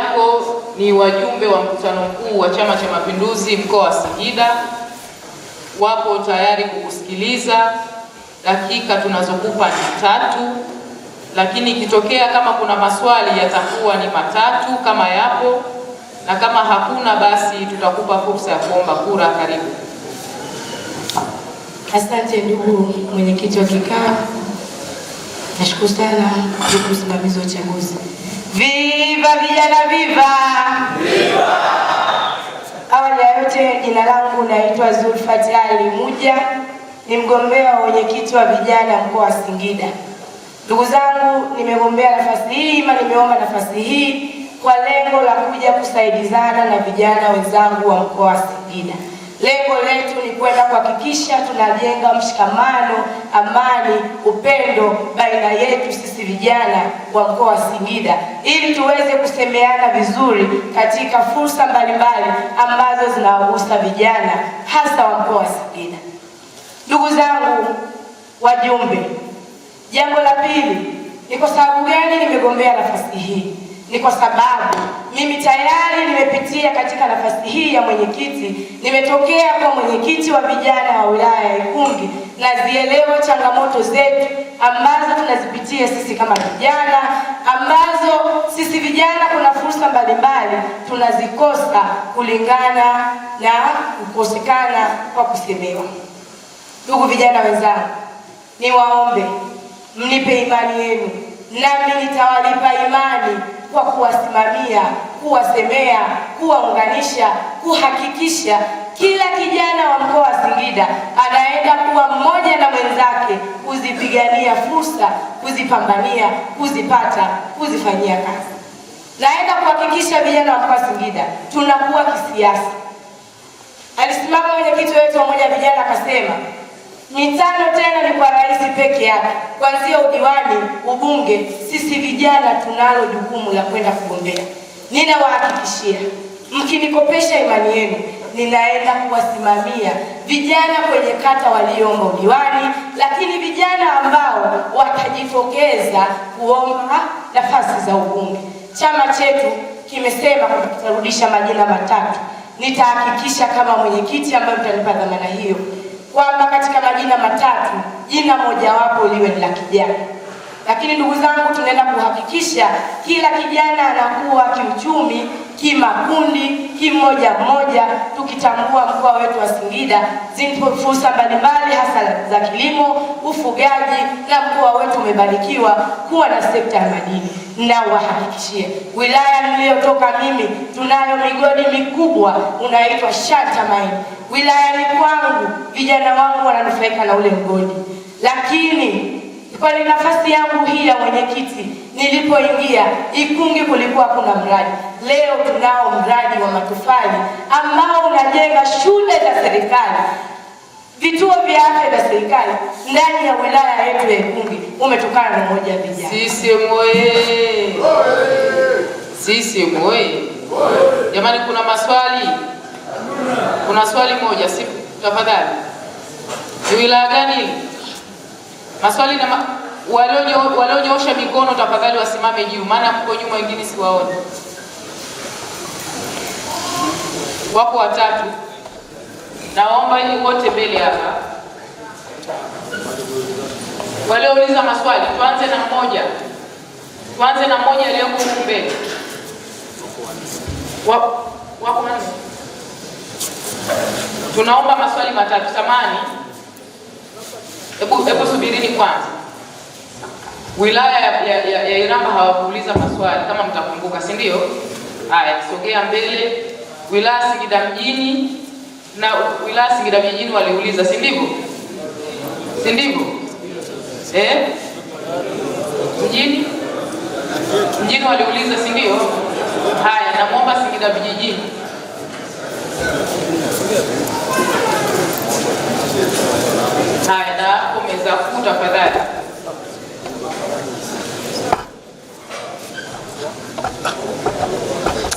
yako ni wajumbe wa mkutano mkuu wa Chama cha Mapinduzi mkoa wa Singida, wapo tayari kukusikiliza. Dakika tunazokupa ni tatu, lakini ikitokea kama kuna maswali yatakuwa ni matatu kama yapo, na kama hakuna basi tutakupa fursa ya kuomba kura. Karibu. Asante ndugu mwenyekiti wa kikao, nashukuru sana ndugu msimamizi wa uchaguzi. Viva vijana viva! Viva! Awali ya yote, jina langu naitwa Zulfati Ali Muja, ni mgombea wa wenyekiti wa vijana mkoa wa Singida. Ndugu zangu, nimegombea nafasi hii ama nimeomba nafasi hii kwa lengo la kuja kusaidizana na vijana wenzangu wa mkoa wa Singida. Lengo letu ni kwenda kuhakikisha tunajenga mshikamano, amani, upendo baina yetu sisi vijana wa mkoa wa Singida ili tuweze kusemeana vizuri katika fursa mbalimbali ambazo zinawagusa vijana hasa wa mkoa wa Singida. Ndugu zangu wajumbe, jambo la pili ni kwa sababu gani nimegombea nafasi hii? Ni kwa sababu mimi tayari nimepitia katika nafasi hii ya mwenyekiti, nimetokea kwa mwenyekiti wa vijana wa wilaya ya Ikungi, nazielewa changamoto zetu ambazo tunazipitia sisi kama vijana, ambazo sisi vijana kuna fursa mbalimbali tunazikosa kulingana na kukosekana kwa kusemewa. Ndugu vijana wenzangu, niwaombe mnipe imani yenu, nami nitawalipa imani kwa kuwasimamia, kuwasemea, kuwaunganisha, kuhakikisha kila kijana wa mkoa wa Singida anaenda kuwa mmoja na mwenzake, kuzipigania fursa, kuzipambania, kuzipata, kuzifanyia kazi. Naenda kuhakikisha vijana wa mkoa wa Singida tunakuwa kisiasa. Alisimama mwenyekiti wetu wa Umoja Vijana akasema mitano tena ni kwa rais peke yake, kwanzia udiwani, ubunge. Sisi vijana tunalo jukumu la kwenda kugombea. Ninawahakikishia, mkinikopesha imani yenu, ninaenda kuwasimamia vijana kwenye kata walioomba udiwani, lakini vijana ambao watajitokeza kuomba nafasi za ubunge. Chama chetu kimesema kutarudisha majina matatu. Nitahakikisha kama mwenyekiti ambayo mtanipa dhamana hiyo kwamba katika majina matatu jina mojawapo liwe ni la kijana. Lakini ndugu zangu, tunaenda kuhakikisha kila kijana anakuwa kiuchumi, kimakundi, kimoja mmoja, tukitambua mkoa wetu wa Singida zipo fursa mbalimbali, hasa za kilimo, ufugaji, na mkoa wetu umebarikiwa kuwa na sekta ya madini. Na wilaya niliyotoka mimi tunayo migodi mikubwa unaitwa Shanta Mine wilayani kwangu vijana wangu wananufaika na ule mgodi. Lakini kwa nafasi yangu hii ya mwenyekiti nilipoingia Ikungi kulikuwa kuna mradi. Leo tunao mradi wa matofali ambao unajenga shule za serikali, vituo vya afya vya serikali ndani ya wilaya yetu ya Ikungi, umetokana na moja vijana. Sisi moye, sisi moye. Jamani, kuna maswali, kuna swali moja, si tafadhali ni wilaya gani? Maswali na ma... walionyoosha mikono tafadhali wasimame juu, maana mko nyuma, wengine siwaone Wako watatu, naomba ili wote mbele hapa. Waliouliza maswali tuanze na mmoja, tuanze na mmoja aliyoko huku mbele. Wako nani? Tunaomba maswali matatu, samani Hebu hebu subirini kwanza. Wilaya ya, ya, ya, ya Iramba hawakuuliza maswali kama mtakumbuka, si ndio? Haya, sogea mbele. Wilaya Singida mjini na wilaya Singida vijijini waliuliza, si ndivyo? Si ndivyo? Eh? Mjini mjini waliuliza, si ndio? Haya, namwomba Singida vijijini Haya, na meza kuu tafadhali.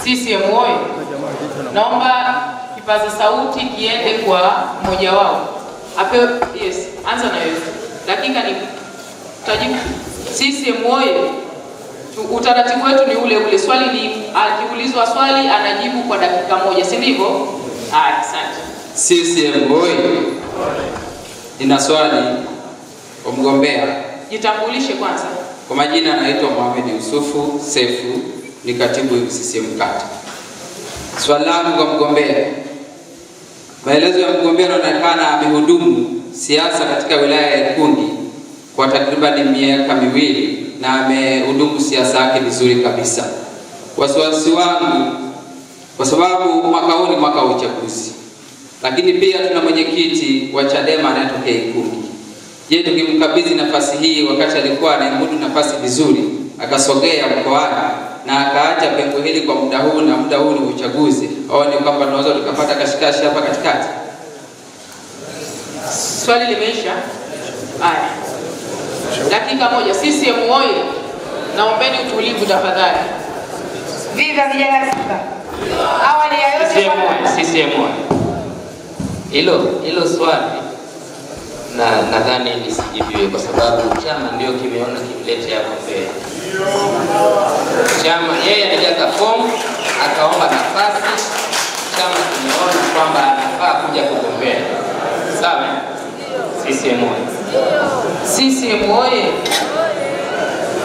CCM Naomba kipaza sauti kiende kwa mmoja wao ape. Yes, anza na wewe, dakika ni tajibu. CCM oyee! Utaratibu wetu ni ule ule, swali ni akiulizwa swali anajibu kwa dakika moja, si ndivyo? Haya, asante. CCM oyee! Nina swali kwa mgombea. Jitambulishe kwanza. Kwa majina anaitwa Mohamed Yusufu Sefu, ni katibu CCM Kata. Swali langu kwa mgombea, maelezo ya mgombea anaonekana amehudumu siasa katika wilaya ya Ikungi kwa takribani miaka miwili na amehudumu siasa yake vizuri kabisa. Wasiwasi wangu kwa sababu mwaka huu ni mwaka wa uchaguzi lakini pia tuna mwenyekiti wa Chadema anayetokea Ikulu. Je, tukimkabidhi nafasi hii wakati alikuwa anaimudu nafasi vizuri, akasogea mkoani na akaacha pengo hili kwa muda huu na muda huu ni uchaguzi, au ni kwamba tunaweza tukapata kashikashi hapa katikati? Swali limeisha. Haya, dakika moja. CCM oyee! Naombeni utulivu tafadhali. Viva vijana! Awali ya yote CCM oyee! Hilo hilo swali na nadhani lisijibiwe kwa sababu chama ndio kimeona kimlete hapo mbele. Chama yeye alijaza fomu akaomba nafasi, chama kimeona kwamba anafaa kuja kugombea. Sawa, CCM oye! CCM oye!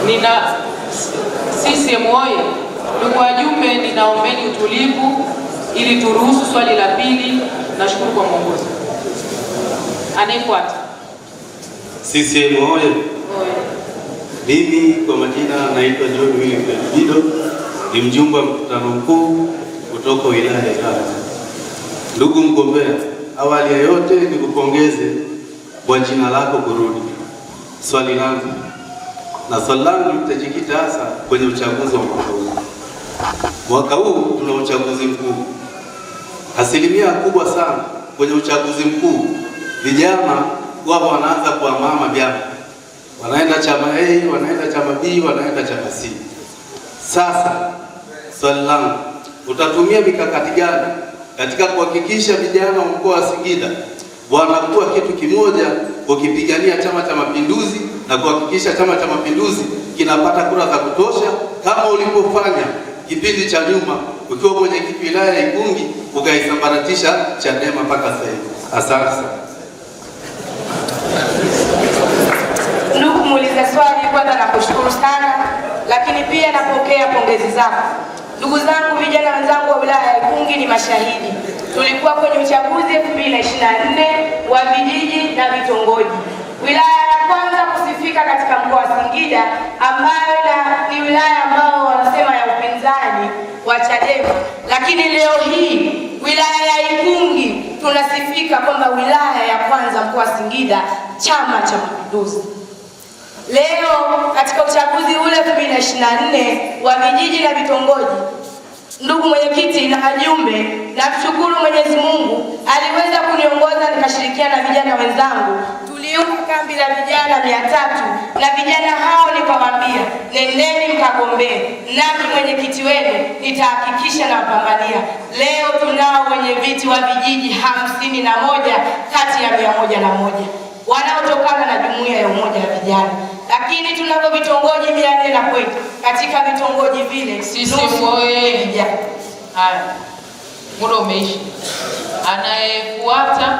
Nina CCM oye! Ndugu wajumbe, ninaombeni utulivu ili turuhusu swali la pili Nashukuru kwa mwongozo. Anayefuata CCM oye! Mimi kwa majina naitwa John Willy Kido, ni mjumbe wa mkutano mkuu kutoka wilaya ya Kata. Ndugu mgombea, awali ya yote nikupongeze kwa jina lako kurudi. Swali langu na swali langu litajikita hasa kwenye uchaguzi wa mwaka huu. Mwaka huu tuna uchaguzi mkuu Asilimia kubwa sana kwenye uchaguzi mkuu vijana wao wanaanza kuhamahama vyama, wanaenda chama A, wanaenda chama B, wanaenda chama C. Sasa swali langu, utatumia mikakati gani katika kuhakikisha vijana wa mkoa wa Singida wanakuwa kitu kimoja ukipigania Chama cha Mapinduzi na kuhakikisha Chama cha Mapinduzi kinapata kura za kutosha kama ulipofanya kipindi cha nyuma? ukiwa mwenyekiti wilaya ya Ikungi ukaisambaratisha Chadema mpaka sasa hivi. Asante. Ndugu muuliza swali, kwanza nakushukuru sana, lakini pia napokea pongezi zako. Ndugu zangu vijana wenzangu wa wilaya ya Ikungi ni mashahidi, tulikuwa kwenye uchaguzi 2024 wa vijiji na vitongoji wilaya ya kwanza kufika katika mkoa wa Singida ambayo ni wilaya ambao wanasema ya upinzani wa Chadema, lakini leo hii wilaya ya Ikungi tunasifika kwamba wilaya ya kwanza mkoa wa Singida Chama cha Mapinduzi. Leo katika uchaguzi ule 2024 wa vijiji na vitongoji, ndugu mwenyekiti na wajumbe, namshukuru Mwenyezi Mungu aliweza kuniongoza nikashirikiana na vijana wenzangu tuliunga kambi la vijana mia tatu na vijana hao nikawaambia, nendeni mkagombee, nami mwenyekiti wenu nitahakikisha nampambania. Leo tunao wenye viti wa vijiji hamsini na moja kati ya mia moja na moja wanaotokana na jumuiya ya umoja wa vijana, lakini tunavyo vitongoji mia nne na kwetu katika vitongoji vile vijana. Haya, muda umeisha. Anayefuata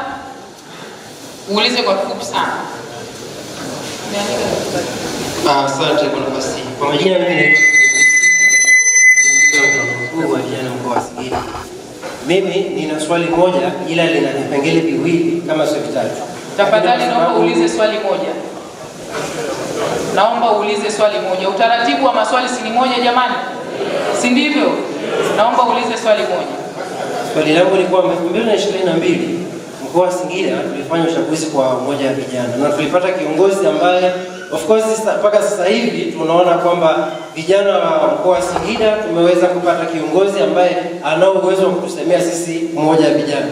Uulize kwa kifupi sana. Asante kwa nafasi Kwa majina mimi Mimi nina swali moja ila lina vipengele viwili kama sio vitatu. Tafadhali naomba uulize swali moja. Naomba uulize swali moja. Utaratibu wa maswali si ni moja jamani? Si ndivyo? Naomba uulize swali moja. Swali langu ni kwamba mkoa wa Singida tulifanya uchaguzi kwa umoja wa vijana na tulipata kiongozi ambaye of course mpaka sasa hivi tunaona kwamba vijana wa mkoa wa Singida tumeweza kupata kiongozi ambaye ana uwezo wa kutusemea sisi umoja wa vijana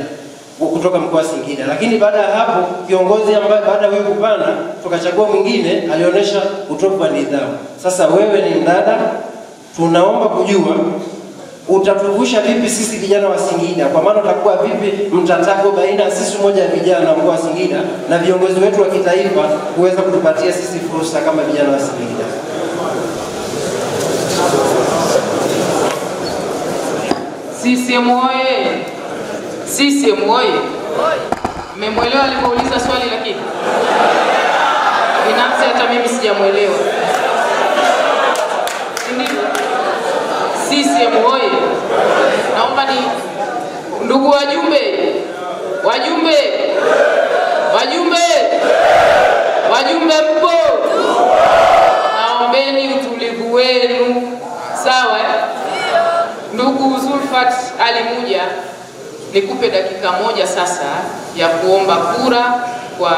kutoka mkoa wa Singida. Lakini baada ya hapo kiongozi ambaye baada ya kupana tukachagua mwingine alionyesha utovu wa nidhamu. Sasa wewe ni mdada, tunaomba kujua utatuvusha vipi sisi vijana wa Singida? Kwa maana utakuwa vipi mtatako baina ya sisi moja ya vijana wa mkoa wa Singida na viongozi wetu wa kitaifa kuweza kutupatia sisi fursa kama vijana wa Singida? CCM oye! CCM oye! Mmemwelewa alipouliza swali, lakini binafsi hata mimi sijamwelewa. CCM oye! naomba ni ndugu wajumbe, wajumbe, wajumbe, wajumbe, mpo, naombeni utulivu wenu, sawa. Eh? Ndugu Zulfat alimuja, nikupe dakika moja sasa ya kuomba kura kwa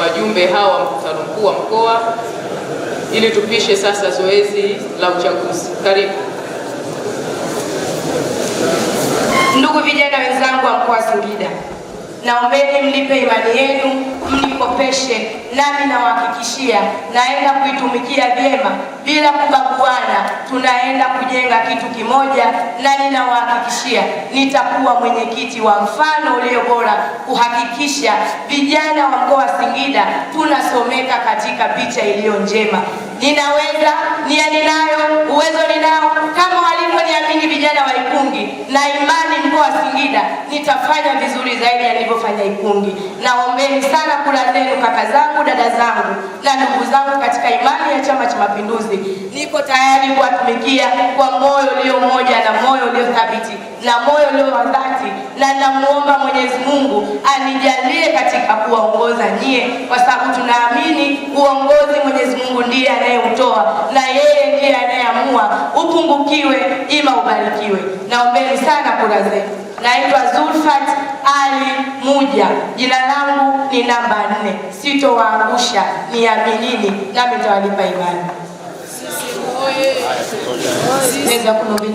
wajumbe hawa mkutano mkuu wa mkoa ili tupishe sasa zoezi la uchaguzi. Karibu. Ndugu vijana wenzangu wa mkoa wa Singida, naombeni mlipe imani yenu, mnikopeshe, nami nawahakikishia naenda kuitumikia vyema bila kubaguana. Tunaenda kujenga kitu kimoja, na ninawahakikishia nitakuwa mwenyekiti wa mfano ulio bora, kuhakikisha vijana wa mkoa wa Singida tunasomeka katika picha iliyo njema. Ninaweza, nia ninayo, uwezo ninao nyinyi vijana wa Ikungi na imani mkoa wa Singida nitafanya vizuri zaidi ya nilivyofanya Ikungi. Naombeni sana kula zenu kaka zangu, dada zangu na ndugu zangu katika imani ya Chama cha Mapinduzi. Niko tayari kuwatumikia kwa moyo ulio mmoja na moyo ulio thabiti na moyo ulio wa dhati, na namuomba Mwenyezi Mungu anijalie katika kuwaongoza nyie, kwa sababu tunaamini uongozi Mwenyezi Mungu ndiye anayeutoa na yeye ndiye anayeamua upungukiwe ima ubarikiwe. Naombeni sana kura zenu. Naitwa Zulfat Ali Muja, jina langu ni namba nne. Sitowaangusha, niaminini nami nitawalipa imani.